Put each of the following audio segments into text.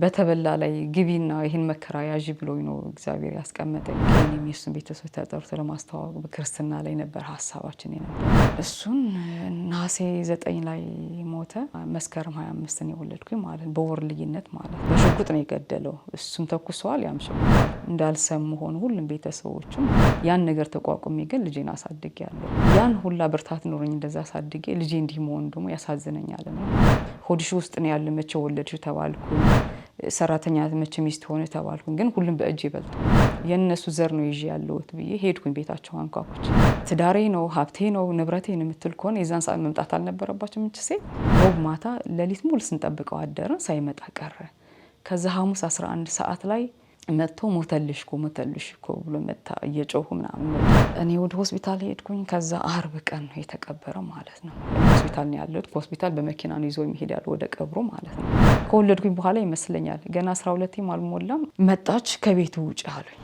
በተበላ ላይ ግቢና ይህን መከራ ያዥ ብሎ ነው እግዚአብሔር ያስቀመጠኝ። እኔም የእሱን ቤተሰብ ተጠርቶ ለማስተዋወቅ በክርስትና ላይ ነበር ሀሳባችን ነበር። እሱን ነሐሴ ዘጠኝ ላይ ሞተ። መስከረም ሀያ አምስትን የወለድኩኝ ማለት በወር ልዩነት ማለት በሽጉጥ ነው የገደለው። እሱም ተኩሰዋል፣ ያም ሽጉጥ እንዳልሰሙ ሆኑ ሁሉም ቤተሰቦችም። ያን ነገር ተቋቁሜ ግን ልጄን ያለው ያን ሁላ ብርታት ኖረኝ እንደዛ አሳድጌ ልጄ እንዲህ መሆኑ ደግሞ ያሳዝነኛል። ሆድሽ ውስጥ ነው ያለመቼ ወለድሽ ተባልኩ ሰራተኛ መቼ ሚስት ሆነ ተባልኩኝ። ግን ሁሉም በእጅ ይበልጡ የእነሱ ዘር ነው ይዤ ያለሁት ብዬ ሄድኩኝ። ቤታቸው አንኳኩች። ትዳሬ ነው ሀብቴ ነው ንብረቴ ነው የምትል ከሆነ የዛን ሰዓት መምጣት አልነበረባቸው። ምች ሴት ሮብ ማታ ሌሊት ሙሉ ስንጠብቀው አደርን፣ ሳይመጣ ቀረ። ከዛ ሐሙስ 11 ሰዓት ላይ መጥቶ ሞተልሽ እኮ ሞተልሽ እኮ ብሎ መታ እየጮሁ ምናምን። እኔ ወደ ሆስፒታል ሄድኩኝ። ከዛ አርብ ቀን ነው የተቀበረ ማለት ነው። ሆስፒታል ነው ያለሁት። ከሆስፒታል በመኪና ነው ይዞ የሚሄድ ያለ ወደ ቀብሩ ማለት ነው። ከወለድኩኝ በኋላ ይመስለኛል ገና አስራ ሁለቴም አልሞላም መጣች፣ ከቤቱ ውጭ አሉኝ።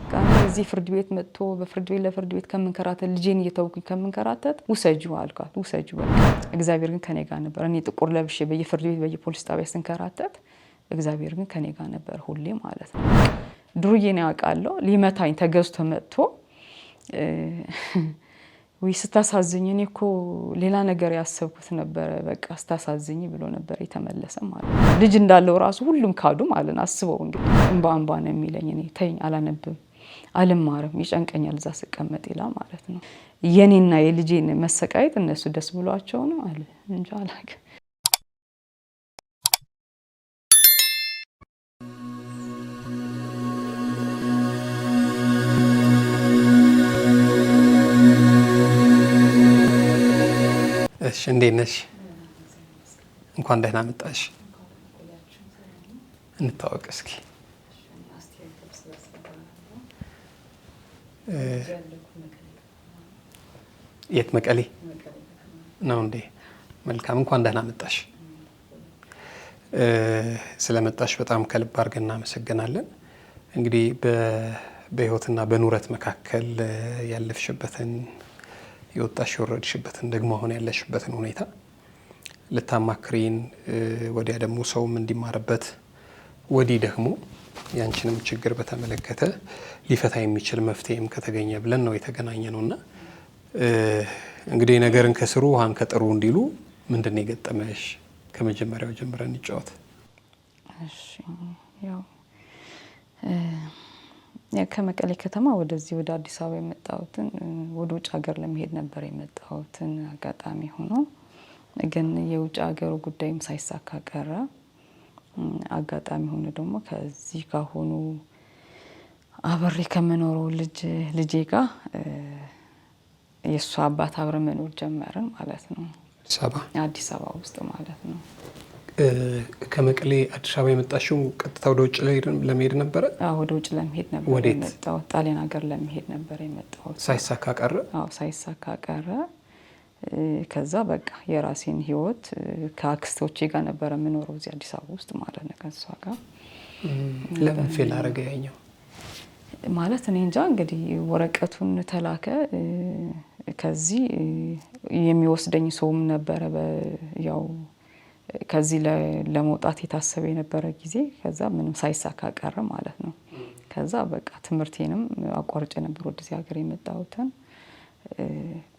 እዚህ ፍርድ ቤት መጥቶ በፍርድ ቤት ለፍርድ ቤት ከምንከራተት ልጄን እየተውኩኝ ከምንከራተት ውሰጁ አልኳት። ውሰጁ እግዚአብሔር ግን ከኔ ጋር ነበር። እኔ ጥቁር ለብሼ በየፍርድ ቤት በየፖሊስ ጣቢያ ስንከራተት፣ እግዚአብሔር ግን ከኔ ጋር ነበር ሁሌ ማለት ነው። ድሩዬን ያውቃለሁ። ሊመታኝ ተገዝቶ መጥቶ ውይ ስታሳዝኝ፣ እኔ እኮ ሌላ ነገር ያሰብኩት ነበረ፣ በቃ ስታሳዝኝ ብሎ ነበር የተመለሰ ማለት ነው። ልጅ እንዳለው ራሱ ሁሉም ካዱ ማለት ነው። አስበው እንግዲህ እንባ እንባ ነው የሚለኝ። እኔ ተኝ አላነብም፣ አልማርም፣ ይጨንቀኛል እዛ ስቀመጥ ይላል ማለት ነው። የኔና የልጄን መሰቃየት እነሱ ደስ ብሏቸው ነው አለ እንጃ አላውቅም። እሺ፣ እንዴት ነሽ? እንኳን ደህና መጣሽ። እንታወቅ እስኪ። የት? መቀሌ ነው እንዴ? መልካም፣ እንኳን ደህና መጣሽ። ስለመጣሽ በጣም ከልብ አድርገን እናመሰግናለን። እንግዲህ በህይወትና በኑረት መካከል ያለፍሽበትን የወጣሽ የወረድሽበትን ደግሞ አሁን ያለሽበትን ሁኔታ ልታማክሪን፣ ወዲያ ደግሞ ሰውም እንዲማርበት ወዲህ ደግሞ ያንቺንም ችግር በተመለከተ ሊፈታ የሚችል መፍትሄም ከተገኘ ብለን ነው የተገናኘ ነው እና እንግዲህ ነገርን ከስሩ ውሃን ከጥሩ እንዲሉ ምንድን ነው የገጠመሽ? ከመጀመሪያው ጀምረን እንጫወት። እሺ ያው ከመቀሌ ከተማ ወደዚህ ወደ አዲስ አበባ የመጣሁትን ወደ ውጭ ሀገር ለመሄድ ነበር የመጣሁትን አጋጣሚ ሆኖ ግን የውጭ ሀገሩ ጉዳይም ሳይሳካ ቀረ። አጋጣሚ ሆነ ደግሞ ከዚህ ካሁኑ አብሬ ከምኖረው ልጅ ልጄ ጋር የእሱ አባት አብረ መኖር ጀመርን ማለት ነው። አዲስ አበባ ውስጥ ማለት ነው። ከመቀሌ አዲስ አበባ የመጣሽው ቀጥታ ወደ ውጭ ለመሄድ ነበረ? ወደ ውጭ ለመሄድ ነበር። ወዴት? ጣሊያን ሀገር ለመሄድ ነበር የመጣሁት። ሳይሳካ ቀረ? አዎ ሳይሳካ ቀረ። ከዛ በቃ የራሴን ህይወት ከአክስቶቼ ጋር ነበረ የምኖረው እዚህ አዲስ አበባ ውስጥ ማለት ነው ከእሷ ጋር። ለምን ፌል አደረገ ያኛው? ማለት እኔ እንጃ እንግዲህ ወረቀቱን ተላከ። ከዚህ የሚወስደኝ ሰውም ነበረ ያው ከዚህ ለመውጣት የታሰበ የነበረ ጊዜ ከዛ ምንም ሳይሳካ ቀረ ማለት ነው። ከዛ በቃ ትምህርቴንም አቋርጬ ነበር ወደዚህ ሀገር የመጣሁትን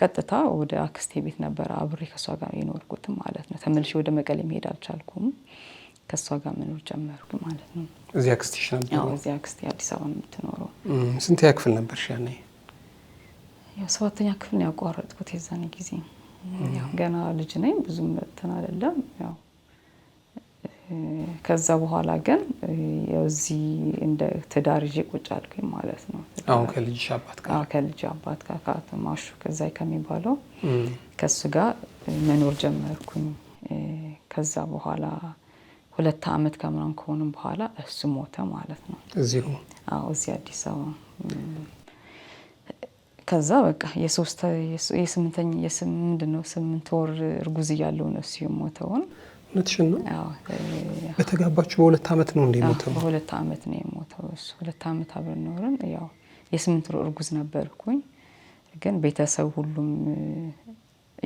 ቀጥታ ወደ አክስቴ ቤት ነበረ አብሬ ከእሷ ጋር የኖርኩትም ማለት ነው። ተመልሼ ወደ መቀሌ መሄድ አልቻልኩም። ከእሷ ጋር መኖር ጀመርኩ ማለት ነው። እዚህ አክስቴሽ ነበር? እዚህ አክስቴ አዲስ አበባ የምትኖረው። ስንት ክፍል ነበር? ያኔ? ሰባተኛ ክፍል ነው ያቋረጥኩት የዛን ጊዜ ገና ልጅ ነኝ፣ ብዙም እንትን አይደለም። ያው ከዛ በኋላ ግን እዚህ እንደ ትዳር ይዤ ቁጭ አልኩኝ ማለት ነው። ከልጅሽ አባት ጋር ከልጅ አባት ጋር ማሹ ከዛይ ከሚባለው ከሱ ጋር መኖር ጀመርኩኝ። ከዛ በኋላ ሁለት አመት ከምናምን ከሆኑም በኋላ እሱ ሞተ ማለት ነው። እዚሁ እዚህ አዲስ አበባ ከዛ በቃ የሶስት የስምንተኛ ምንድን ነው ስምንት ወር እርጉዝ እያለው ነው እሱ የሞተውን። እውነትሽን ነው? በተጋባችሁ በሁለት ዓመት ነው እንደ የሞተው? በሁለት ዓመት ነው የሞተው እሱ። ሁለት ዓመት አብረን ኖርን። ያው የስምንት ወር እርጉዝ ነበርኩኝ፣ ግን ቤተሰብ ሁሉም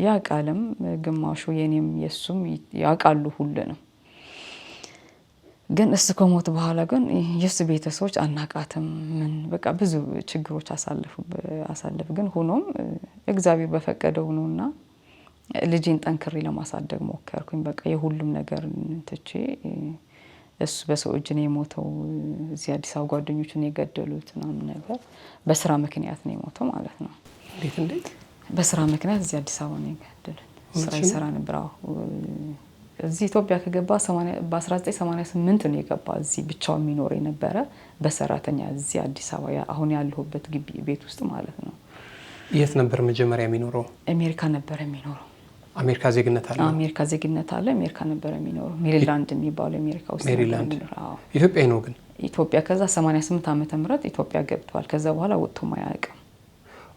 ያውቃልም፣ ግማሹ የኔም የእሱም ያውቃሉ ሁሉ ነው ግን እሱ ከሞት በኋላ ግን የእሱ ቤተሰቦች አናቃትም። ምን በቃ ብዙ ችግሮች አሳልፍ ግን ሆኖም እግዚአብሔር በፈቀደው ነውና ልጅን ጠንክሬ ለማሳደግ ሞከርኩኝ። በቃ የሁሉም ነገር ትቼ እሱ በሰው እጅ ነው የሞተው። እዚህ አዲስ አበባ ጓደኞቹን የገደሉት ምናምን ነገር በስራ ምክንያት ነው የሞተው ማለት ነው። እንዴት? በስራ ምክንያት እዚህ አዲስ አበባ ነው የገደሉት። ስራ ይሰራ ነበር እዚህ ኢትዮጵያ ከገባ በ1988 ነው የገባ። እዚህ ብቻው የሚኖር የነበረ በሰራተኛ እዚህ አዲስ አበባ አሁን ያለሁበት ግቢ ቤት ውስጥ ማለት ነው። የት ነበር መጀመሪያ የሚኖረው? አሜሪካ ነበር የሚኖረው። አሜሪካ ዜግነት አለ። አሜሪካ ዜግነት አለ። አሜሪካ ነበር የሚኖረው ሜሪላንድ የሚባለው አሜሪካ ውስጥ። ሜሪላንድ ኢትዮጵያ ነው ግን ኢትዮጵያ ከዛ 88 ዓመተ ምህረት ኢትዮጵያ ገብቷል። ከዛ በኋላ ወጥቶ ማያውቅም።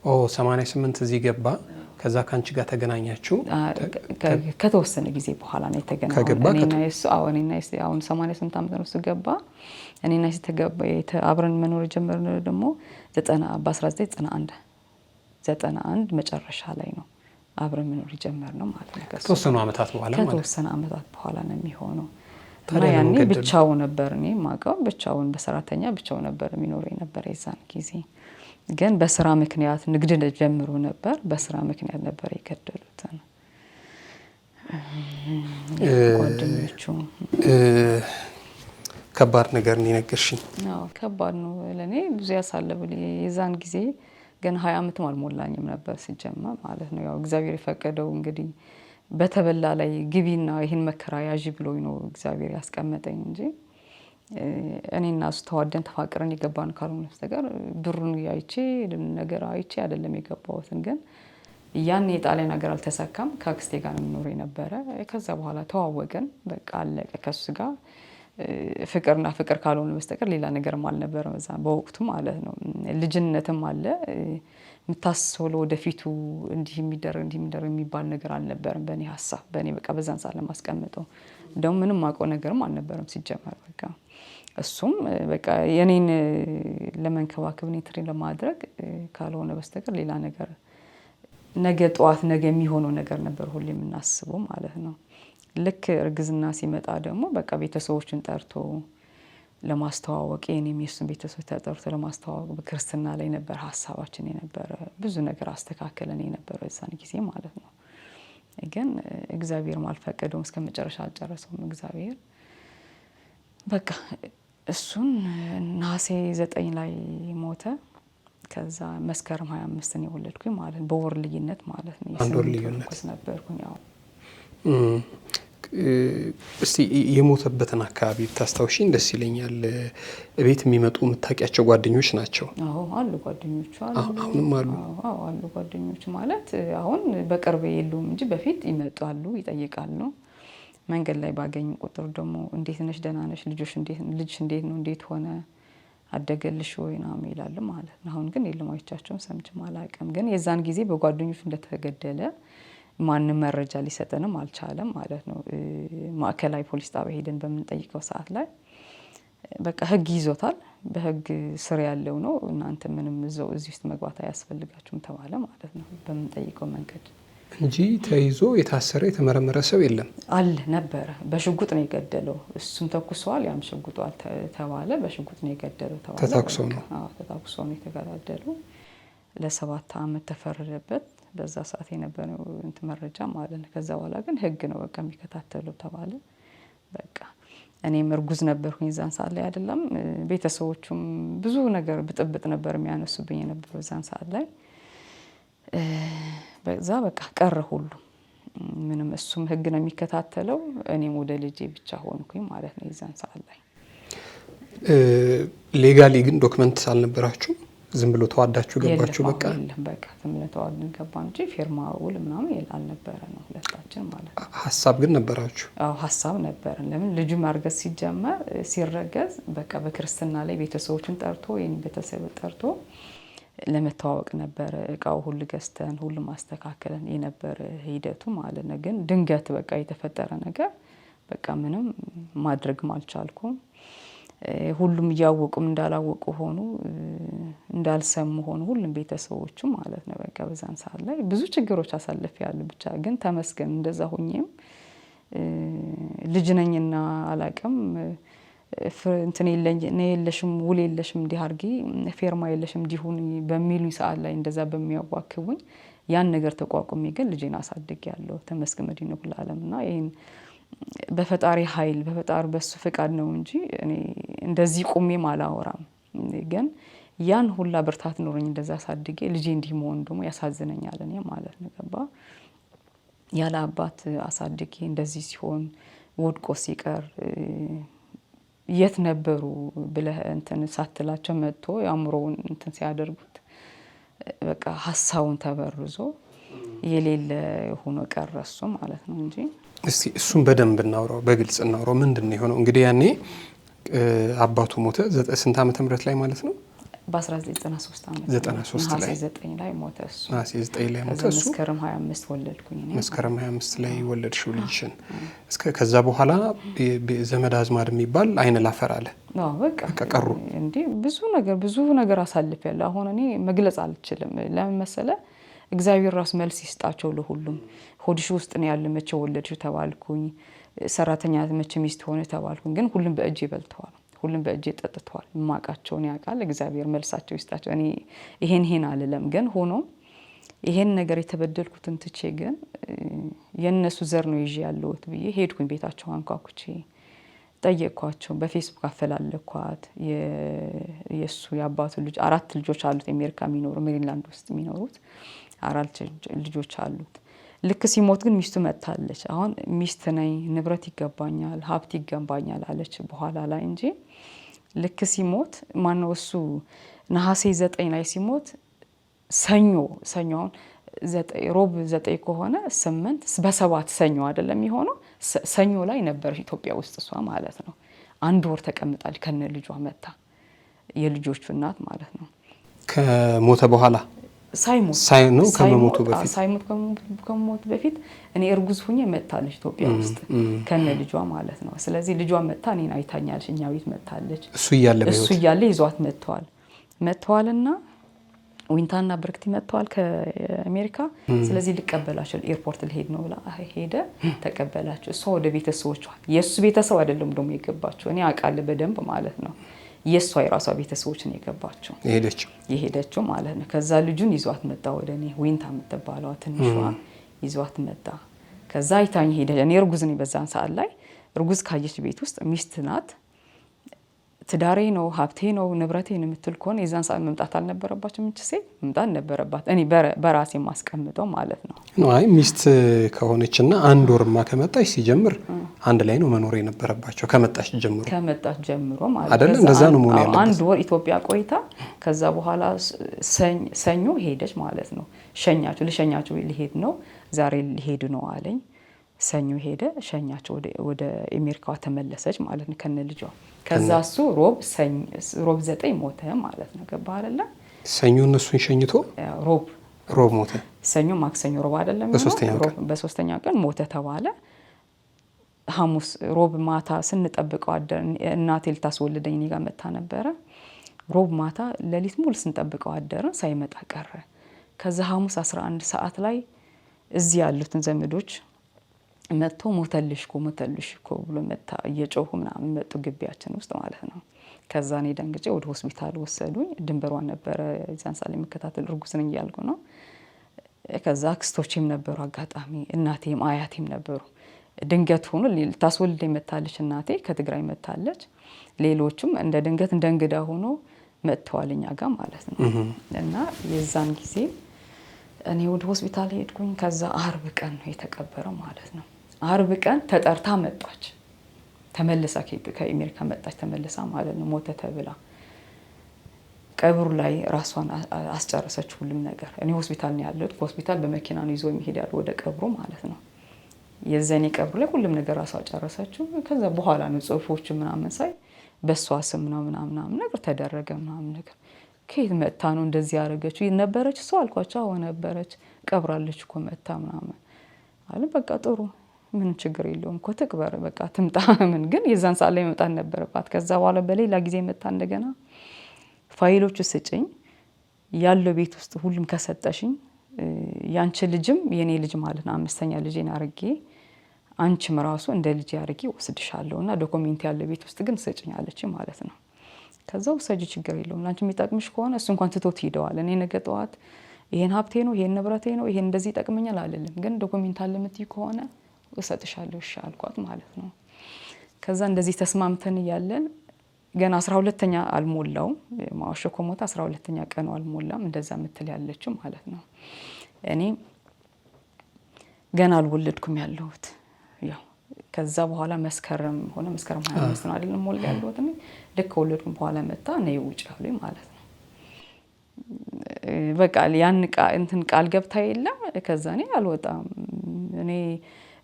ኦ 88 እዚህ ገባ። ከዛ ከአንቺ ጋር ተገናኛችሁ? ከተወሰነ ጊዜ በኋላ ነው የተገናኘነው። አሁን 88 ዓመት ነው እሱ ገባ። እኔና አብረን መኖር የጀመርነው ደግሞ በ1991 91 መጨረሻ ላይ ነው አብረን መኖር የጀመርነው ማለት ነው። ከተወሰኑ ዓመታት በኋላ ከተወሰነ ዓመታት በኋላ ነው የሚሆነው። ያኔ ብቻው ነበር እኔ የማውቀው ብቻውን በሰራተኛ ብቻው ነበር የሚኖረው የነበረ የዛን ጊዜ ግን በስራ ምክንያት ንግድ ጀምሮ ነበር። በስራ ምክንያት ነበር የገደሉት ጓደኞቹ። ከባድ ነገር ነው የነገርሽኝ። ከባድ ነው ለእኔ ብዙ ያሳለብ የዛን ጊዜ ግን ሀያ ዓመትም አልሞላኝም ነበር ሲጀመር ማለት ነው። ያው እግዚአብሔር የፈቀደው እንግዲህ በተበላ ላይ ግቢና ይህን መከራ ያዥ ብሎኝ ነው እግዚአብሔር ያስቀመጠኝ እንጂ እኔና እሱ ተዋደን ተፋቅረን የገባን ካልሆነ በስተቀር ብሩን አይቼ ነገር አይቼ አይደለም የገባሁትን። ግን ያን የጣሊያን ሀገር አልተሳካም። ከአክስቴ ጋር ነው የምኖር የነበረ። ከዛ በኋላ ተዋወቅን፣ በቃ አለቀ። ከሱ ጋር ፍቅርና ፍቅር ካልሆነ በስተቀር ሌላ ነገርም አልነበረ በዛ በወቅቱ ማለት ነው። ልጅነትም አለ የምታስበው ወደፊቱ እንዲህ የሚደረግ እንዲህ የሚደረግ የሚባል ነገር አልነበረም። በእኔ ሀሳብ በእኔ በቃ በዛን ሰዓት ለማስቀምጠው እንደውም ምንም አውቀው ነገርም አልነበረም ሲጀመር በቃ እሱም በቃ የኔን ለመንከባከብ እኔ ትሬን ለማድረግ ካልሆነ በስተቀር ሌላ ነገር ነገ ጠዋት ነገ የሚሆነው ነገር ነበር ሁሌ የምናስበው ማለት ነው። ልክ እርግዝና ሲመጣ ደግሞ በቃ ቤተሰቦችን ጠርቶ ለማስተዋወቅ የኔም የሱን ቤተሰቦች ተጠርቶ ለማስተዋወቅ በክርስትና ላይ ነበር ሀሳባችን የነበረ ብዙ ነገር አስተካከለን የነበረ እዛን ጊዜ ማለት ነው። ግን እግዚአብሔር ማልፈቀደውም እስከ መጨረሻ አልጨረሰውም እግዚአብሔር በቃ እሱን ነሐሴ ዘጠኝ ላይ ሞተ። ከዛ መስከረም ሀያ አምስትን የወለድኩኝ ማለት ነው። በወር ልዩነት ማለት ነው። አንድ ወር ልዩነት ነበርኩኝ። ያው እስቲ የሞተበትን አካባቢ ብታስታውሽኝ ደስ ይለኛል። ቤት የሚመጡ የምታውቂያቸው ጓደኞች ናቸው? አዎ አሉ፣ ጓደኞቹ አሁንም አሉ። አዎ አሉ ጓደኞቹ ማለት አሁን በቅርብ የሉም እንጂ በፊት ይመጣሉ፣ ይጠይቃሉ። መንገድ ላይ ባገኙ ቁጥር ደግሞ እንዴት ነሽ ደህና ነሽ ልጅሽ እንዴት ነው እንዴት ሆነ አደገልሽ ወይ ምናምን ይላል ማለት ነው። አሁን ግን የለማዎቻቸውን ሰምቼም አላውቅም። ግን የዛን ጊዜ በጓደኞች እንደተገደለ ማንም መረጃ ሊሰጠንም አልቻለም ማለት ነው። ማዕከላዊ ፖሊስ ጣቢያ ሄደን በምንጠይቀው ሰዓት ላይ በቃ ህግ ይዞታል፣ በህግ ስር ያለው ነው፣ እናንተ ምንም እዚህ ውስጥ መግባት አያስፈልጋችሁም ተባለ ማለት ነው በምንጠይቀው መንገድ እንጂ ተይዞ የታሰረ የተመረመረ ሰው የለም። አለ ነበረ። በሽጉጥ ነው የገደለው። እሱም ተኩሰዋል፣ ያም ሽጉጧል ተባለ። በሽጉጥ ነው የገደለው ተባለ። ተታኩሶ ነው ተታኩሶ ነው የተገዳደለው። ለሰባት አመት ተፈረደበት። በዛ ሰዓት የነበረው እንትን መረጃ ማለት ነው። ከዛ በኋላ ግን ህግ ነው በቃ የሚከታተለው ተባለ። በቃ እኔም እርጉዝ ነበርኩኝ ዛን ሰዓት ላይ አይደለም። ቤተሰቦቹም ብዙ ነገር ብጥብጥ ነበር የሚያነሱብኝ የነበረው ዛን ሰዓት ላይ በዛ በቃ ቀረ ሁሉ ምንም እሱም ህግ ነው የሚከታተለው። እኔም ወደ ልጄ ብቻ ሆንኩኝ ማለት ነው። የዛን ሰዓት ላይ ሌጋሊ ግን ዶክመንት አልነበራችሁ? ዝም ብሎ ተዋዳችሁ ገባችሁ? በቃ በቃ ዝም ብሎ ተዋድን ገባ እንጂ ፊርማ ውል ምናምን አልነበረ ነው ሁለታችን ማለት ነው። ሀሳብ ግን ነበራችሁ? አዎ ሀሳብ ነበረን። ለምን ልጁ ማርገዝ ሲጀመር ሲረገዝ በቃ በክርስትና ላይ ቤተሰቦችን ጠርቶ ወይም ቤተሰብ ጠርቶ ለመተዋወቅ ነበር እቃው ሁሉ ገዝተን ሁሉ ማስተካከለን የነበር ሂደቱ ማለት ነው። ግን ድንገት በቃ የተፈጠረ ነገር በቃ ምንም ማድረግም አልቻልኩም። ሁሉም እያወቁም እንዳላወቁ ሆኑ፣ እንዳልሰሙ ሆኑ፣ ሁሉም ቤተሰቦቹ ማለት ነው። በቃ በዛን ሰዓት ላይ ብዙ ችግሮች ያሉ ብቻ ግን ተመስገን እንደዛ ሁኜም ልጅ ነኝና አላቅም እንትን የለኝ እኔ የለሽም ውል የለሽም እንዲህ አድርጊ ፌርማ የለሽም እንዲሁን በሚሉኝ ሰዓት ላይ እንደዛ በሚያዋክቡኝ ያን ነገር ተቋቁሜ ግን ልጄን አሳድግ ያለው ተመስገን መድኅን ለዓለም እና ይህን በፈጣሪ ኃይል በፈጣሪ በሱ ፍቃድ ነው እንጂ እኔ እንደዚህ ቁሜም አላወራም። ግን ያን ሁላ ብርታት ኖረኝ እንደዛ አሳድጌ ልጄ እንዲህ መሆን ደግሞ ያሳዝነኛል። እኔ ማለት ነው ገባ ያለ አባት አሳድጌ እንደዚህ ሲሆን ወድቆ ሲቀር የት ነበሩ ብለህ እንትን ሳትላቸው መጥቶ የአእምሮውን እንትን ሲያደርጉት በቃ ሀሳቡን ተበርዞ የሌለ ሆኖ ቀረ እሱ ማለት ነው እንጂ። እስቲ እሱን በደንብ እናውረው በግልጽ እናውረው ምንድን ነው የሆነው? እንግዲህ ያኔ አባቱ ሞተ። ስንት ዓመተ ምህረት ላይ ማለት ነው? በ1993 ዓ.ም መስከረም 25 ወለድኩኝ። መስከረም 25 ላይ ወለድሽው ልጅሽን። ከዛ በኋላ ዘመድ አዝማድ የሚባል አይን ላፈር አለ። በቃ ቀሩ። እንዲህ ብዙ ነገር ብዙ ነገር አሳልፌያለሁ። አሁን እኔ መግለጽ አልችልም። ለምን መሰለ እግዚአብሔር ራሱ መልስ ይስጣቸው ለሁሉም። ሆድሽ ውስጥ ነው ያለ መቼ ወለድሽ ተባልኩኝ። ሰራተኛ መቼ ሚስት ሆነ ተባልኩኝ። ግን ሁሉም በእጅ ይበልተዋል ሁሉም በእጅ ጠጥተዋል። ማቃቸውን ያውቃል። እግዚአብሔር መልሳቸው ይስጣቸው። እኔ ይሄን ይሄን አልለም፣ ግን ሆኖ ይሄን ነገር የተበደልኩትን ትቼ ግን የእነሱ ዘር ነው ይዤ ያለሁት ብዬ ሄድኩኝ። ቤታቸው አንኳኩቼ ጠየቅኳቸው። በፌስቡክ አፈላለኳት። የእሱ የአባቱ ልጅ አራት ልጆች አሉት። አሜሪካ የሚኖሩ ሜሪንላንድ ውስጥ የሚኖሩት አራት ልጆች አሉት። ልክ ሲሞት ግን ሚስቱ መጥታለች። አሁን ሚስት ነኝ ንብረት ይገባኛል ሀብት ይገባኛል አለች በኋላ ላይ እንጂ ልክ ሲሞት ማነው እሱ ነሐሴ ዘጠኝ ላይ ሲሞት ሰኞ ሰኞ ሮብ ዘጠኝ ከሆነ ስምንት በሰባት ሰኞ አይደለም የሆነው ሰኞ ላይ ነበረች ኢትዮጵያ ውስጥ እሷ ማለት ነው። አንድ ወር ተቀምጣል ከነ ልጇ መታ የልጆቹ እናት ማለት ነው ከሞተ በኋላ ሳይሞት ከመሞቱ በፊት ሳይሞት ከመሞቱ በፊት እኔ እርጉዝ ሁኜ መጥታለች ኢትዮጵያ ውስጥ ከነ ልጇ ማለት ነው። ስለዚህ ልጇ መጥታ እኔን አይታኛለች፣ እኛ ቤት መጥታለች። እሱ እያለ እሱ እያለ ይዟት መጥተዋል መጥተዋል ዊንታና ብርክቲ መጥተዋል ከአሜሪካ። ስለዚህ ልቀበላቸው ኤርፖርት ልሄድ ነው ብላ ሄደ፣ ተቀበላቸው። እሷ ወደ ቤተሰቦቿ የእሱ ቤተሰብ አይደለም ደግሞ የገባቸው እኔ አውቃለሁ በደንብ ማለት ነው የእሷ የራሷ ቤተሰቦች ነው የገባቸው የሄደችው ማለት ነው። ከዛ ልጁን ይዟት መጣ ወደ እኔ ዊንታ የምትባለዋ ትንሿ ይዟት መጣ። ከዛ አይታኝ ሄደ። እኔ እርጉዝ ነኝ በዛን ሰዓት ላይ እርጉዝ ካየች ቤት ውስጥ ሚስት ናት ትዳሬ ነው ሀብቴ ነው ንብረቴ ነው የምትል ከሆነ የዛን ሰዓት መምጣት አልነበረባቸው። ምች ሴ መምጣት ነበረባት። እኔ በራሴ ማስቀምጠው ማለት ነው። አይ ሚስት ከሆነች ና አንድ ወርማ ከመጣች ሲጀምር አንድ ላይ ነው መኖር የነበረባቸው ከመጣች ጀምሮ ከመጣች ጀምሮ ማለት አይደለ? እንደዛ ነው መሆን ያለበት። አንድ ወር ኢትዮጵያ ቆይታ ከዛ በኋላ ሰኞ ሄደች ማለት ነው። ሸኛችሁ ልሸኛችሁ ልሄድ ነው ዛሬ ሊሄድ ነው አለኝ ሰኞ ሄደ ሸኛቸው፣ ወደ አሜሪካዋ ተመለሰች ማለት ነው ከነ ልጇ። ከዛ እሱ ሮብ ዘጠኝ ሞተ ማለት ነው። ገባ ሰኞ እነሱን ሸኝቶ ሮብ ሮብ ሞተ። ሰኞ፣ ማክሰኞ፣ ሮብ አይደለም በሶስተኛው ቀን ሞተ ተባለ። ሐሙስ ሮብ ማታ ስንጠብቀው አደር። እናቴ ልታስወልደኝ እኔ መታ ነበረ። ሮብ ማታ ሌሊት ሙሉ ስንጠብቀው አደርን፣ ሳይመጣ ቀረ። ከዛ ሐሙስ 11 ሰዓት ላይ እዚህ ያሉትን ዘመዶች መጥቶ ሞተልሽ እኮ ሞተልሽ እኮ ብሎ መታ እየጮሁ ምናምን መጡ ግቢያችን ውስጥ ማለት ነው። ከዛ እኔ ደንግጬ ወደ ሆስፒታል ወሰዱኝ። ድንበሯን ነበረ ዛን ሳል የምከታተል እርጉዝ ነኝ እያልኩ ነው። ከዛ አክስቶቼም ነበሩ አጋጣሚ እናቴም አያቴም ነበሩ። ድንገት ሆኖ ታስወልደ መታለች እናቴ ከትግራይ መታለች። ሌሎቹም እንደ ድንገት እንደ እንግዳ ሆኖ መጥተዋል እኛ ማለት ነው። እና የዛን ጊዜ እኔ ወደ ሆስፒታል ሄድኩኝ። ከዛ አርብ ቀን ነው የተቀበረው ማለት ነው። አርብ ቀን ተጠርታ መጣች። ተመልሳ ከአሜሪካ መጣች ተመልሳ ማለት ነው። ሞተ ተብላ ቀብሩ ላይ ራሷን አስጨረሰች። ሁሉም ነገር እኔ ሆስፒታል ነው ያለሁት። ከሆስፒታል በመኪና ነው ይዞ የሚሄድ ያለ ወደ ቀብሩ ማለት ነው። የዘኔ ቀብሩ ላይ ሁሉም ነገር ራሷ ጨረሰችው። ከዛ በኋላ ነው ጽሁፎች ምናምን ሳይ በእሷ ስም ነው ምናምን ነገር ተደረገ ምናምን ነገር ከየት መጥታ ነው እንደዚህ ያደረገችው? ነበረች እሷ አልኳቸው። አዎ ነበረች። ቀብራለች እኮ መጥታ ምናምን አለ። በቃ ጥሩ ምን ችግር የለውም እኮ ትቅበር፣ በቃ ትምጣ። ምን ግን የዛን ሰዓት ላይ መምጣት ነበረባት። ከዛ በኋላ በሌላ ጊዜ መጣ እንደገና ፋይሎቹ ስጭኝ ያለው ቤት ውስጥ ሁሉም ከሰጠሽኝ ያንቺ ልጅም የኔ ልጅ ማለት ነው አምስተኛ ልጄን አርጌ አንቺም ራሱ እንደ ልጅ አርጌ ወስድሻለሁ እና ዶኮሜንት ያለው ቤት ውስጥ ግን ስጭኝ አለች ማለት ነው። ከዛ ውሰጂ፣ ችግር የለውም ለአንቺ የሚጠቅምሽ ከሆነ እሱ እንኳን ትቶት ሂደዋል። እኔ ነገ ጠዋት ይሄን ሀብቴ ነው ይሄን ንብረቴ ነው ይሄን እንደዚህ ይጠቅመኛል አልልም። ግን ዶኮሜንት አለ የምትይ ከሆነ እሰጥሻለሁ እሺ አልኳት ማለት ነው። ከዛ እንደዚህ ተስማምተን እያለን ገና አስራ ሁለተኛ አልሞላውም ማዋሾ ከሞተ አስራ ሁለተኛ ቀኑ አልሞላም እንደዛ ምትል ያለችው ማለት ነው። እኔ ገና አልወለድኩም ያለሁት ያው ከዛ በኋላ መስከረም ሆነ መስከረም ሀያ አምስት ነው አይደለም ያለሁት እኔ ልክ ከወለድኩም በኋላ መጣ ነይ ውጭ አሉኝ ማለት ነው። በቃ ያን እንትን ቃል ገብታ የለም ከዛ እኔ አልወጣም እኔ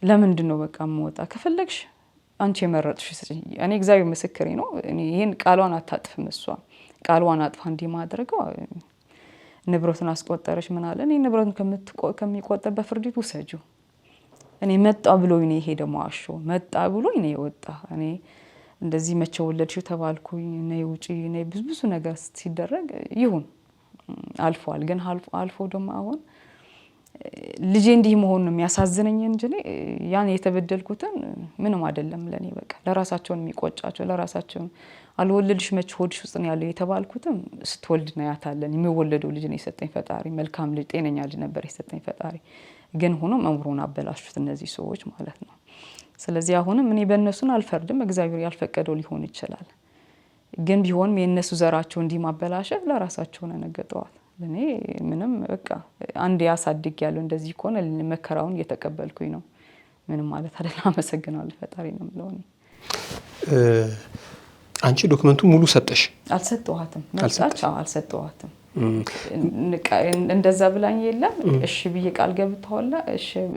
ለምንድን ነው በቃ የምወጣ? ከፈለግሽ አንቺ የመረጥሽ ስጪኝ። እኔ እግዚአብሔር ምስክሬ ነው። ይህን ቃሏን አታጥፍም እሷ ቃልዋን አጥፋ እንዲህ ማድረገው ንብረቱን አስቆጠረች ምናለ እኔ ንብረቱን ከሚቆጠር በፍርድ ቤት ውሰጂው። እኔ መጣ ብሎ ኔ ይሄ ደግሞ አሾ መጣ ብሎ ኔ ወጣ እኔ እንደዚህ መቼ ወለድሽ ተባልኩኝ። ነይ ውጪ ነይ ብዙ ብዙ ነገር ሲደረግ ይሁን አልፏል። ግን አልፎ ደግሞ አሁን ልጄ እንዲህ መሆን ነው የሚያሳዝነኝ እንጂ ያን የተበደልኩትን ምንም አይደለም ለእኔ በቃ ለራሳቸውን የሚቆጫቸው ለራሳቸውን አልወለድሽ መች ሆድሽ ውስጥ ነው ያለው የተባልኩትም ስትወልድ ነው ያታለን የሚወለደው ልጅ ነው የሰጠኝ ፈጣሪ። መልካም ልጅ ጤነኛ ልጅ ነበር የሰጠኝ ፈጣሪ። ግን ሆኖ መምሮን አበላሹት እነዚህ ሰዎች ማለት ነው። ስለዚህ አሁንም እኔ በእነሱን አልፈርድም፣ እግዚአብሔር ያልፈቀደው ሊሆን ይችላል። ግን ቢሆንም የእነሱ ዘራቸው እንዲህ ማበላሸት ለራሳቸው ነው ነገጠዋል እኔ ምንም በቃ አንድ ያሳድግ ያለው እንደዚህ ከሆነ መከራውን እየተቀበልኩኝ ነው። ምንም ማለት አይደለም። አመሰግናለሁ ፈጣሪ ነው የምለው። አንቺ ዶክመንቱ ሙሉ ሰጠሽ? አልሰጠኋትም። መጣች አልሰጠኋትም። እንደዛ ብላኝ የለም እሺ ብዬ ቃል ገብተዋላ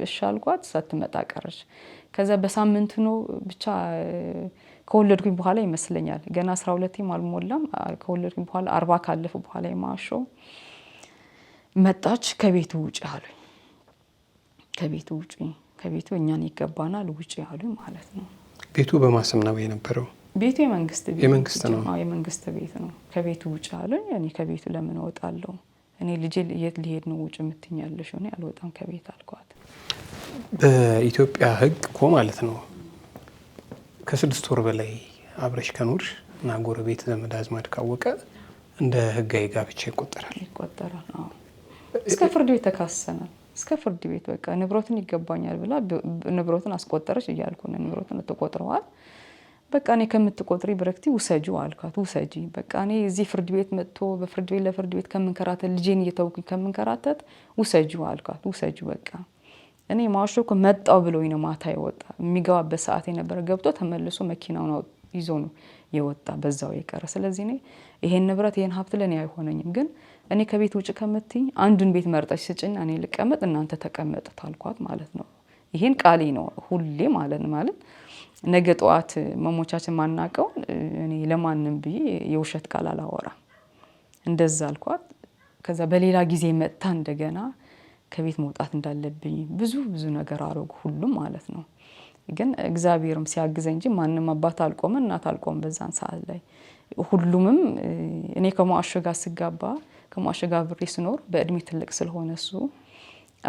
እሺ አልኳት። ሳትመጣ ቀረች። ከዛ በሳምንት ነው ብቻ ከወለድኩኝ በኋላ ይመስለኛል ገና አስራ ሁለቴም አልሞላም። ከወለድኩኝ በኋላ አርባ ካለፈ በኋላ የማሾ መጣች። ከቤቱ ውጭ አሉኝ። ከቤቱ ውጭ ከቤቱ እኛን ይገባናል ውጭ አሉኝ ማለት ነው። ቤቱ በማሰብ ነው የነበረው። ቤቱ የመንግስት ቤት የመንግስት ነው፣ የመንግስት ቤት ነው። ከቤቱ ውጭ አሉኝ። እኔ ከቤቱ ለምን እወጣለሁ? እኔ ልጄ የት ሊሄድ ነው ውጭ የምትኛለሽ? እኔ አልወጣም ከቤት አልኳት። በኢትዮጵያ ህግ እኮ ማለት ነው ከስድስት ወር በላይ አብረሽ ከኖርሽ እና ጎረቤት ዘመድ አዝማድ ካወቀ እንደ ህጋዊ ጋብቻ ይቆጠራል ይቆጠራል። እስከ ፍርድ ቤት ተካሰነ እስከ ፍርድ ቤት በቃ ንብረቱን ይገባኛል ብላ ንብረቱን አስቆጠረች እያልኩ ነው። ንብረቱን ተቆጥረዋል። በቃ እኔ ከምትቆጥሪ ብረክቲ ውሰጂ አልኳት። ውሰጂ በቃ እኔ እዚህ ፍርድ ቤት መጥቶ በፍርድ ቤት ለፍርድ ቤት ከምንከራተት ልጄን እየተውኩኝ ከምንከራተት ውሰጂ አልኳት። ውሰጂ በቃ እኔ ማሾ እኮ መጣው ብሎኝ ነው ማታ የወጣ የሚገባበት ሰዓት የነበረ ገብቶ ተመልሶ መኪናውን ይዞ ነው የወጣ በዛው የቀረ። ስለዚህ እኔ ይሄን ንብረት ይሄን ሀብት ለእኔ አይሆነኝም፣ ግን እኔ ከቤት ውጭ ከምትኝ አንዱን ቤት መርጠች ስጭኝ፣ እኔ ልቀመጥ፣ እናንተ ተቀመጥ ታልኳት ማለት ነው። ይሄን ቃሌ ነው ሁሌ ማለት ማለት ነገ ጠዋት መሞቻችን ማናቀውን እኔ ለማንም ብዬ የውሸት ቃል አላወራ። እንደዛ አልኳት። ከዛ በሌላ ጊዜ መጥታ እንደገና ከቤት መውጣት እንዳለብኝ ብዙ ብዙ ነገር አረጉ ሁሉም ማለት ነው። ግን እግዚአብሔርም ሲያግዘ እንጂ ማንም አባት አልቆመ እናት አልቆም። በዛን ሰዓት ላይ ሁሉምም እኔ ከሟሸ ጋር ስጋባ ከሟሸ ጋር ብሬ ስኖር በእድሜ ትልቅ ስለሆነ እሱ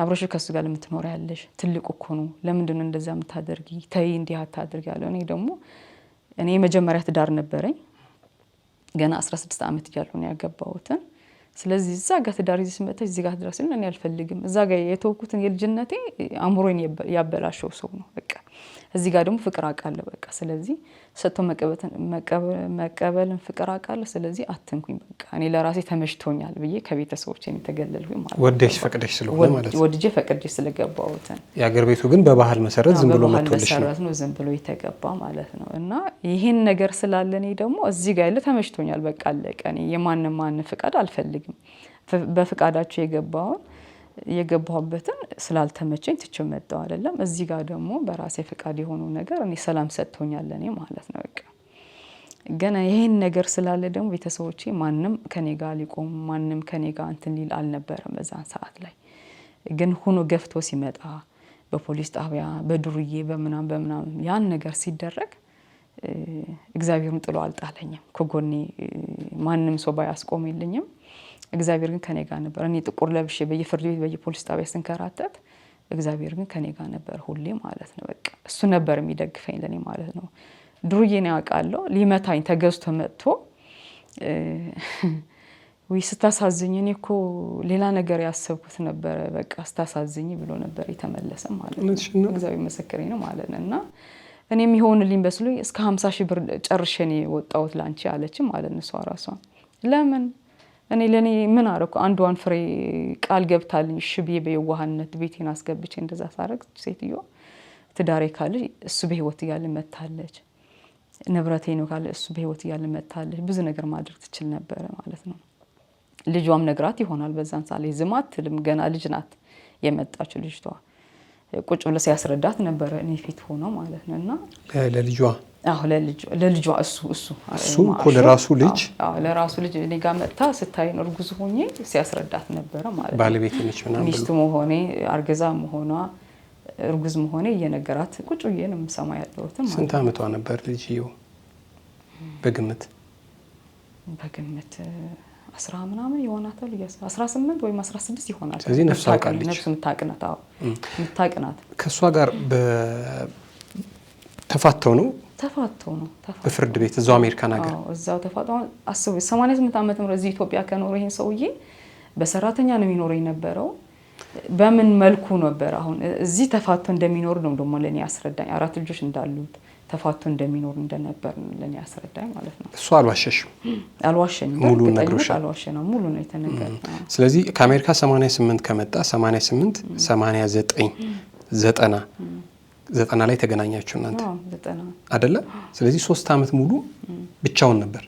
አብረሽ ከእሱ ጋር ለምትኖር ያለሽ ትልቅ እኮ ነው። ለምንድን ነው እንደዛ የምታደርጊ? ተይ እንዲህ አታደርጊ ያለው። እኔ ደግሞ እኔ የመጀመሪያ ትዳር ነበረኝ ገና 16 ዓመት እያለሁ ነው ያገባሁትን ስለዚህ እዛ ጋር ትዳር ይዘሽ መጥተሽ እዚህ ጋር ትዳር እኔ አልፈልግም። እዛ ጋር የተወኩትን የልጅነቴ አእምሮን ያበላሸው ሰው ነው በቃ እዚህ ጋር ደግሞ ፍቅር አቃለ በቃ ስለዚህ ሰጥቶ መቀበልን ፍቅር አቃለ ስለዚህ አትንኩኝ፣ በቃ እኔ ለራሴ ተመችቶኛል ብዬ ከቤተሰቦች የተገለልኩኝ ማለት ወደሽ ፈቅደሽ ስለሆነ ማለት ወድጄ ፈቅጄ ስለገባሁትን የአገር ቤቱ ግን በባህል መሰረት ዝም ብሎ መሰረት ነው፣ ዝም ብሎ የተገባ ማለት ነው። እና ይህን ነገር ስላለ እኔ ደግሞ እዚህ ጋር ያለ ተመችቶኛል፣ በቃ አለቀ። እኔ የማንም ማን ፍቃድ አልፈልግም። በፍቃዳቸው የገባውን የገባሁበትን ስላልተመቸኝ ትቼ መጣሁ አይደለም። እዚህ ጋር ደግሞ በራሴ ፈቃድ የሆነው ነገር እኔ ሰላም ሰጥቶኛል እኔ ማለት ነው። በቃ ገና ይሄን ነገር ስላለ ደግሞ ቤተሰቦቼ ማንም ከኔ ጋር ሊቆም ማንም ከኔ ጋር እንትን ሊል አልነበረም በዛን ሰዓት ላይ ግን ሆኖ ገፍቶ ሲመጣ በፖሊስ ጣቢያ በዱርዬ በምናም በምናም ያን ነገር ሲደረግ እግዚአብሔርም ጥሎ አልጣለኝም። ከጎኔ ማንም ሰው ባያስቆም እግዚአብሔር ግን ከኔ ጋር ነበር። እኔ ጥቁር ለብሼ በየፍርድ ቤት በየፖሊስ ጣቢያ ስንከራተት እግዚአብሔር ግን ከኔ ጋር ነበር ሁሌ ማለት ነው። በቃ እሱ ነበር የሚደግፈኝ ለኔ ማለት ነው። ድሩዬ ነው ያውቃለሁ። ሊመታኝ ተገዝቶ መጥቶ ወይ ስታሳዝኝ፣ እኔ እኮ ሌላ ነገር ያሰብኩት ነበረ፣ በቃ ስታሳዝኝ ብሎ ነበር የተመለሰ ማለት ነው። እግዚአብሔር መሰክረኝ ነው ማለት ነው። እና እኔም ይሆንልኝ በስሉ እስከ ሀምሳ ሺህ ብር ጨርሼ ነው የወጣሁት ለአንቺ አለች ማለት ነው እሷ ራሷ ለምን እኔ ለእኔ ምን አደረኩ? አንዷን ፍሬ ቃል ገብታልኝ እሺ ብዬ በየዋህነት ቤቴን አስገብቼ እንደዛ ሳረግ ሴትዮ ትዳሬ ካለ እሱ በህይወት እያለ መታለች፣ ንብረቴ ነው ካለ እሱ በህይወት እያለ መታለች። ብዙ ነገር ማድረግ ትችል ነበረ ማለት ነው። ልጇም ነግራት ይሆናል በዛን ሳለ ዝም አትልም። ገና ልጅ ናት የመጣችው ልጅቷ ቁጭ ብለ ሲያስረዳት ነበረ እኔ ፊት ሆነው ማለት ነው እና ለልጇ ለልጇ እሱ እሱ እሱ እኮ ለራሱ ልጅ ለራሱ ልጅ እኔ ጋር መጥታ ስታይን እርጉዝ ሆኜ ሲያስረዳት ነበረ ማለት ባለቤት ነች ሚስት መሆኔ አርገዛ መሆኗ እርጉዝ መሆኔ እየነገራት ቁጭ ብዬ ነው የምሰማ ያለሁትም። ስንት ዓመቷ ነበር ልጅየው? በግምት በግምት አስራ ምናምን ይሆናታል አስራ ስምንት ወይም አስራ ስድስት ይሆናል። ስለዚህ ነፍስ አውቃለች፣ ነፍስ የምታቅናት ከእሷ ጋር ተፋተው ነው ተፋቶ ነው በፍርድ ቤት እዛው አሜሪካን ሀገር እዛው ተፋተው አስቡ። 88 ዓመት ምረት እዚህ ኢትዮጵያ ከኖረ ይሄን ሰውዬ በሰራተኛ ነው የሚኖረ የነበረው። በምን መልኩ ነበር አሁን እዚህ ተፋቶ እንደሚኖር ነው ደሞ ለእኔ ያስረዳኝ። አራት ልጆች እንዳሉት ተፋቶ እንደሚኖር እንደነበር ለእኔ ያስረዳኝ ማለት ነው። እሱ አልዋሸሽም? አልዋሸኝም። ሙሉ ነግሮሽ? አልዋሸ ነው ሙሉ ነው የተነገረው። ስለዚህ ከአሜሪካ 88 ከመጣ 88 89 ዘጠና ዘጠና ላይ ተገናኛችሁ እናንተ አደለ? ስለዚህ ሶስት አመት ሙሉ ብቻውን ነበር።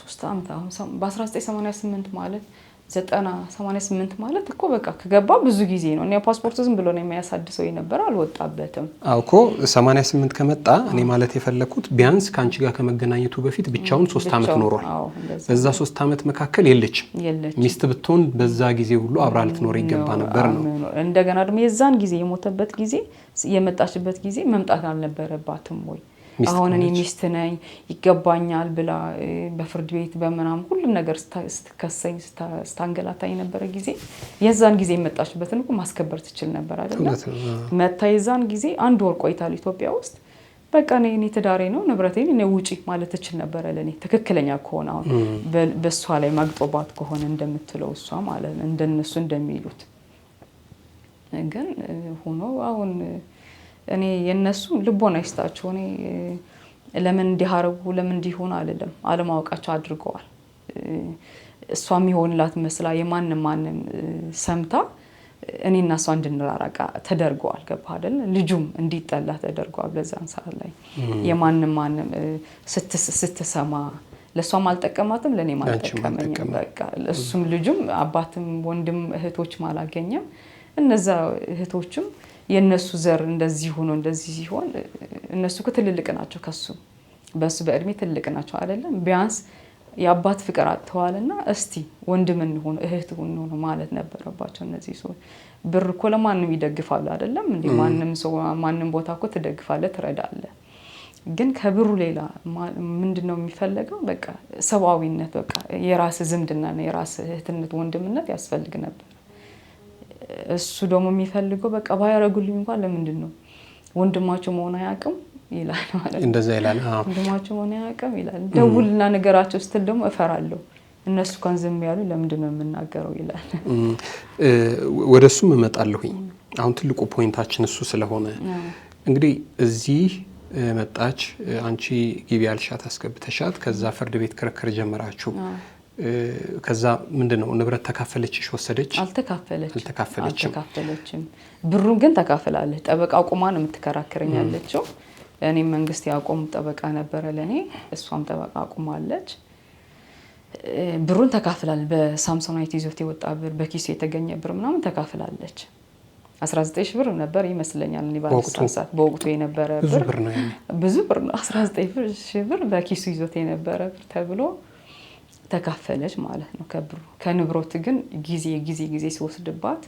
ሶስት አመት አሁን በ1988 ማለት ዘጠና ሰማንያ ስምንት ማለት እኮ በቃ ከገባ ብዙ ጊዜ ነው። እኔ ፓስፖርት ዝም ብሎ ነው የሚያሳድሰው የነበረ አልወጣበትም። አዎ እኮ ሰማንያ ስምንት ከመጣ እኔ ማለት የፈለግኩት ቢያንስ ከአንቺ ጋር ከመገናኘቱ በፊት ብቻውን ሶስት ዓመት ኖሯል። በዛ ሶስት ዓመት መካከል የለችም። ሚስት ብትሆን በዛ ጊዜ ሁሉ አብራ ልትኖር ይገባ ነበር ነው። እንደገና ደግሞ የዛን ጊዜ የሞተበት ጊዜ የመጣችበት ጊዜ መምጣት አልነበረባትም ወይ? አሁን እኔ ሚስት ነኝ ይገባኛል ብላ በፍርድ ቤት በምናም ሁሉም ነገር ስትከሰኝ ስታንገላታኝ የነበረ ጊዜ የዛን ጊዜ የመጣችበትን ማስከበር ትችል ነበር አይደለ? መታ የዛን ጊዜ አንድ ወር ቆይታል ኢትዮጵያ ውስጥ በቃ እኔ ትዳሬ ነው ንብረቴን እኔ ውጪ ማለት ትችል ነበረ። ለእኔ ትክክለኛ ከሆነ አሁን በእሷ ላይ ማግጦባት ከሆነ እንደምትለው እሷ ማለት እንደነሱ እንደሚሉት ግን ሆኖ አሁን እኔ የነሱ ልቦና ይስጣቸው። እኔ ለምን እንዲያረጉ ለምን እንዲሆን አይደለም፣ አለማወቃቸው አድርገዋል። እሷ የሚሆንላት መስላ የማንም ማንን ሰምታ እና እሷ እንድንራራቃ ተደርገዋል። ገባ አይደል? ልጁም እንዲጠላ ተደርገዋል። በዛን ሰዓት ላይ የማንም ማንም ስትሰማ ለእሷም አልጠቀማትም፣ ለእኔም አልጠቀመኝም። በቃ እሱም ልጁም አባትም ወንድም እህቶችም አላገኘም። እነዛ እህቶችም የእነሱ ዘር እንደዚህ ሆኖ እንደዚህ ሲሆን እነሱ ትልልቅ ናቸው፣ ከሱ በእሱ በእድሜ ትልልቅ ናቸው አይደለም። ቢያንስ የአባት ፍቅር አጥተዋልና እስቲ ወንድም እንሆን እህት እንሆን ማለት ነበረባቸው። እነዚህ ሰዎች ብር እኮ ለማንም ይደግፋሉ አይደለም እንዴ? ማንም ሰው ማንም ቦታ እኮ ትደግፋለ ትረዳለ ግን ከብሩ ሌላ ምንድን ነው የሚፈለገው? በቃ ሰብአዊነት፣ በቃ የራስ ዝምድና፣ የራስ እህትነት፣ ወንድምነት ያስፈልግ ነበር። እሱ ደግሞ የሚፈልገው በቃ ባያረጉልኝ እንኳን ለምንድን ነው ወንድማቸው መሆን አያውቅም ይላል ማለት እንደዛ ይላል። ወንድማቸው መሆን አያውቅም ይላል። ደውልና ነገራቸው ስትል ደግሞ እፈራለሁ እነሱ እንኳን ዝም ያሉ ለምንድን ነው የምናገረው ይላል። ወደ እሱም እመጣለሁኝ። አሁን ትልቁ ፖይንታችን እሱ ስለሆነ እንግዲህ እዚህ መጣች። አንቺ ግቢ ያልሻት አስገብተሻት፣ ከዛ ፍርድ ቤት ክርክር ጀመራችሁ። ከዛ ምንድን ነው ንብረት ተካፈለችሽ? ወሰደች? አልተካፈለችም። ብሩን ግን ተካፍላለች። ጠበቃ አቁማ ነው የምትከራከረኝ ያለችው። እኔም መንግስት ያቆም ጠበቃ ነበረ ለእኔ፣ እሷም ጠበቃ አቁማለች። ብሩን ተካፍላል። በሳምሶናይት ይዞት የወጣ ብር፣ በኪሱ የተገኘ ብር ምናምን ተካፍላለች። 19 ሺህ ብር ነበር ይመስለኛል እኔ በወቅቱ የነበረ ብር ብዙ ብር ነው። 19 ሺህ ብር በኪሱ ይዞት የነበረ ብር ተብሎ ተካፈለች ማለት ነው ከብሩ። ከንብረቱ ግን ጊዜ ጊዜ ጊዜ ሲወስድባት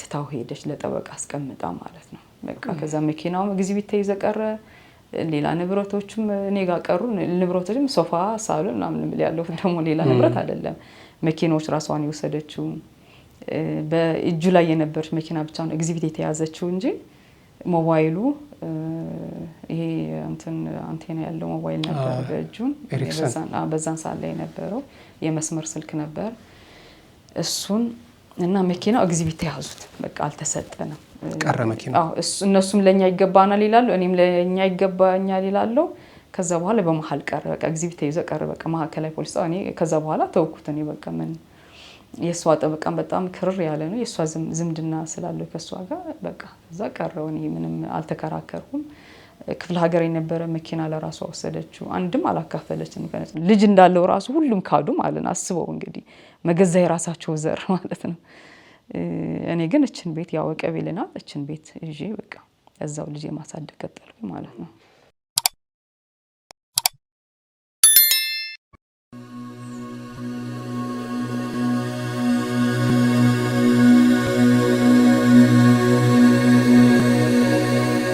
ትታው ሄደች፣ ለጠበቃ አስቀምጣ ማለት ነው። በቃ ከዛ መኪናውም ጊዜ ተይዘ ቀረ። ሌላ ንብረቶችም እኔ ጋር ቀሩ። ንብረቶችም ሶፋ፣ ሳሎን ምናምን ያለው ደግሞ ሌላ ንብረት አይደለም። መኪናዎች ራሷን የወሰደችው በእጁ ላይ የነበረች መኪና ብቻ ነው ኤግዚቢት የተያዘችው እንጂ ሞባይሉ ይሄ እንትን አንቴና ያለው ሞባይል ነበር በእጁን በዛን ሰዓት ላይ የነበረው የመስመር ስልክ ነበር። እሱን እና መኪናው እግዚቢት ተያዙት። በቃ አልተሰጠንም፣ ቀረ መኪና። እነሱም ለእኛ ይገባናል ይላሉ፣ እኔም ለእኛ ይገባኛል ይላለው። ከዛ በኋላ በመሀል ቀረ፣ በቃ ኤግዚቢት ተይዞ ቀረ። በቃ ማዕከላዊ ፖሊስ እኔ ከዛ በኋላ ተውኩት እኔ በቃ ምን የእሷ ጠበቃም በጣም ክርር ያለ ነው። የእሷ ዝምድና ስላለው ከእሷ ጋር በቃ እዛ ቀረው። እኔ ምንም አልተከራከርኩም። ክፍለ ሀገር የነበረ መኪና ለራሷ ወሰደችው። አንድም አላካፈለችን። ልጅ እንዳለው ራሱ ሁሉም ካዱ ማለት አስበው እንግዲህ መገዛ የራሳቸው ዘር ማለት ነው። እኔ ግን እችን ቤት ያወቀ ቤልናል። እችን ቤት ይዤ በቃ እዛው ልጅ የማሳደግ ቀጠልኩኝ ማለት ነው።